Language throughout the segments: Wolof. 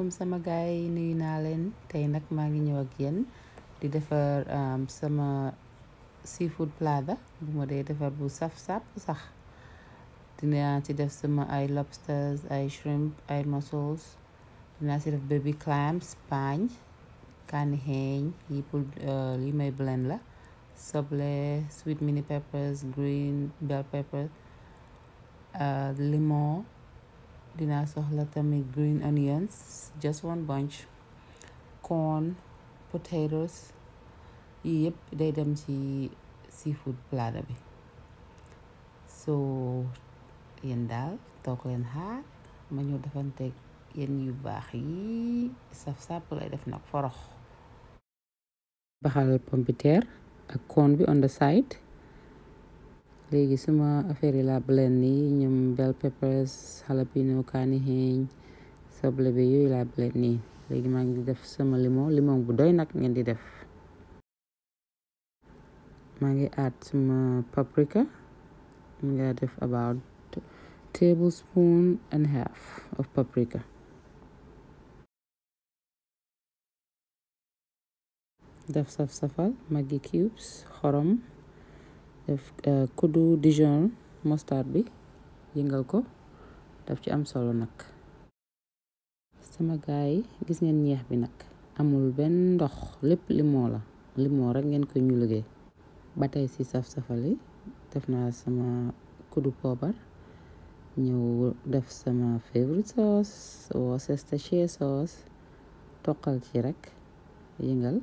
asalaamaaleykum sama guy yi nuyu naa leen tey nag maa ngi ñew ak yeen di um, sama seafood platter bu ma day defer bu saf sap sax dina ci def sama ay lobsters ay shrimp ay mussels dina ci def baby clams pañ kan heñ yi pour uh, li may blend la soble sweet mini peppers green bell pepper uh, limon dinaa soxla tamit green onions just one bunch corn potatoes yi yëpp day dem ci seafood platter bi so yéen daal toog leen xaar ma ñëw defanteeg yu baax yi saf sàpp lay def nag forox baxal pompiteer ak corn bi on the side léegi sama affaire yi laa blend nii ñoom bell peppers jalapeno kaani xeeñ soble bi yooyu laa blend nii léegi maa ngi def sama limon limon bu doy nag ngeen di def maa ngi add sama paprika nga def about tablespoon and half of paprika def saf safal Maggi cubes xorom def euh, kuddu dijon mostard bi yëngal ko daf ci am solo nag sama gaay gis ngeen ñeex bi nag amul benn ndox lépp limoo la rek ngeen ko ñu liggéey ba tey si saf-safali def naa sama kuddu poobar ñëw def sama favorite sauce Worcestershire sauce toqal ci rek yëngal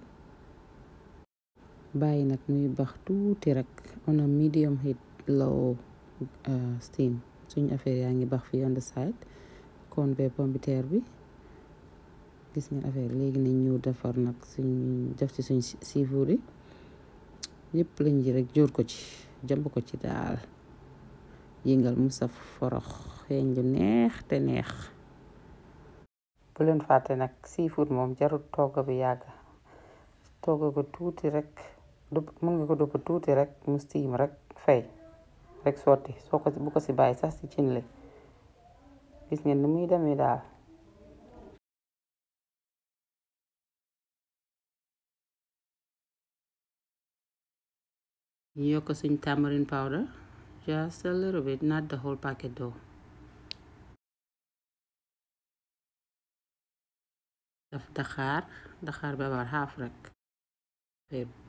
bàyyi nag muy bax tuuti rek on a medium heat low euh, steam suñu affaire yaa ngi bax fi on the side kon be pombiteer bi gis ngeen affaire léegi nañ ñëw defar nag suñ def ci suñ seafood yi yëpp lañ ji rek jóor ko ci jàmb ko ci daal yëngal mu saf forox xeeñ lu neex te neex bu leen fàtte nag seafood moom jarul togg bi yàgg togg ko tuuti rek dupp mën nga ko dupp tuuti rek mu steam rek fay rek sotti soo ko bu ko bàyyi sax si cin li gis ngeen ni muy demee daal ñu yokk suñ tamarind powder just a little not the whole packet though daf daxaar daxaar ba about half rek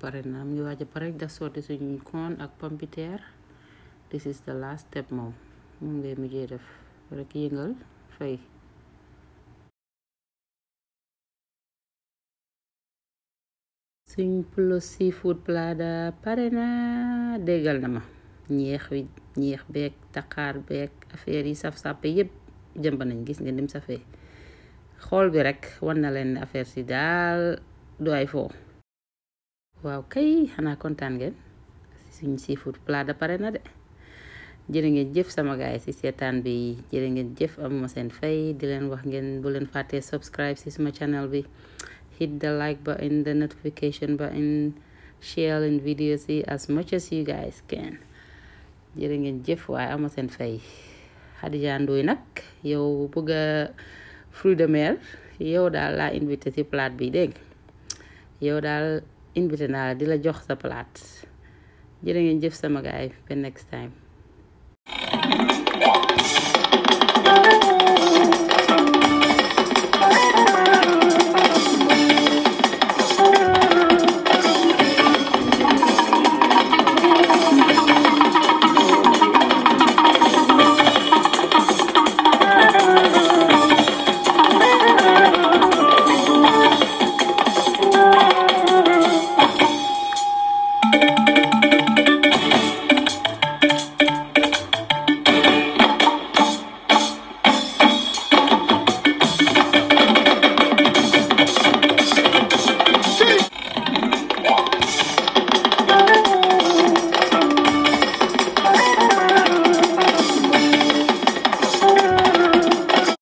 pare na am ngi waaj a pare daf sotti suñu koon ak pompiteer this is the last step moom moom ngay mujjee def rek yëngal fay suñ pulo seafood plaada pare na déggal na ma ñeex wi ñeex beeg taqaar beeg affaire yi saf sàppe yépp jëmb nañ gis ngeen dim safee xool bi rek wan na leen affaire ci daal du foo waaw kay xanaa kontaan ngeen suñ seafood plat da pare na de jërë ngeen jëf sama gaay si seetaan bi jërë ngeen jëf amuma seen fay di leen wax ngeen bu leen fàttee subscribe si suma channel bi hit the like button the notification button share in video si as much as you guys can jërë ngeen jëf waaye ama seen fay Hadija Ndoy nak yow bëgg fruit de mer yow daal laa invité si plat bi dégg yow daal invité naa la di la jox sa palaat jërë ngeen jëf sama gaay ba next time